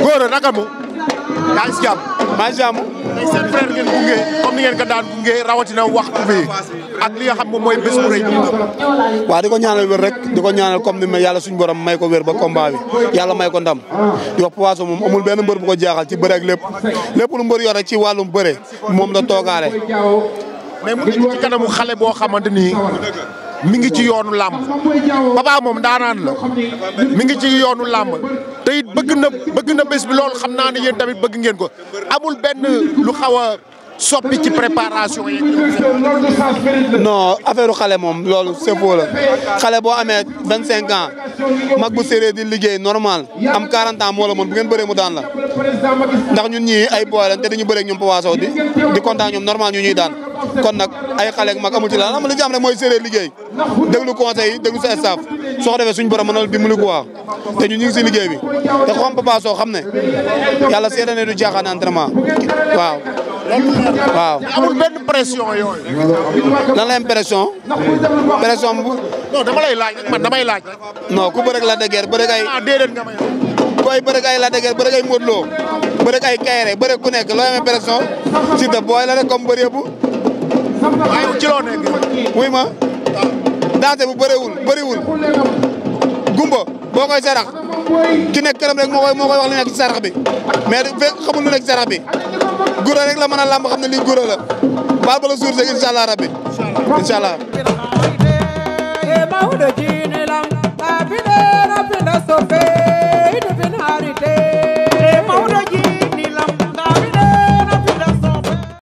góor a naka mu. yaa ngi ko daan gunge rawatina waxtu ak li nga xam moom mooy bés bu di ko ñaanal wér rek comme ni ma yàlla suñu borom may ko wér ba combat bi yàlla may ko ndam di wax moom amul benn mbër bu ko jaaxal ci bëre ak lépp lépp lu mbër yor rek ci wàllum bëre moom la toogaale. mais mu ngi ci kanamu xale boo xamante ni ngi ci yoonu làmb Papa moom daanaan la mi ngi ci yoonu làmb te bëgg na bëgg na bés bi loolu xam naa ne yéen tamit bëgg ngeen ko amul benn lu xaw a soppi ci préparation yi. non xale moom loolu c'est faux la xale boo amee vingt cinq ans mag bu séeréer di liggéey normal am 40 ans moo la mën bu ngeen bëree mu daan la ndax ñun ñii ay boy lañ te dañu ñu ak ñoom Papa di di kontaan ñoom normal ñu ñuy daan. kon nag ay xale ak mag amul ci lan am lu ñu am rek mooy séeréer liggéey déglu conseil yi déglu sa staff soo ko defee suñu na dimbali quoi te ñu ñu ngi te xam Papa Sow xam ne yàlla la am pression. pression bu. non dama lay laaj man damay laaj. non ku bëreeg la de guerre bëreeg ay. ah déedéet nga may ku ay bëreeg ay la de guerre bëreeg ay Modou Lo bëreeg ay Kayre bëreeg ku si de booy la rek comme bëri yëpp. waaye ci loo nekk. wuy ma danse bu bëriwul bëriwul gumba boo koy sarax ki nekk këram rek moo koy moo koy wax li nekk ci sarax bi mais fekk lu nekk ci bi gura la mën a làmb xam ne lii gura la baal ba la suur rek incha allah rabbi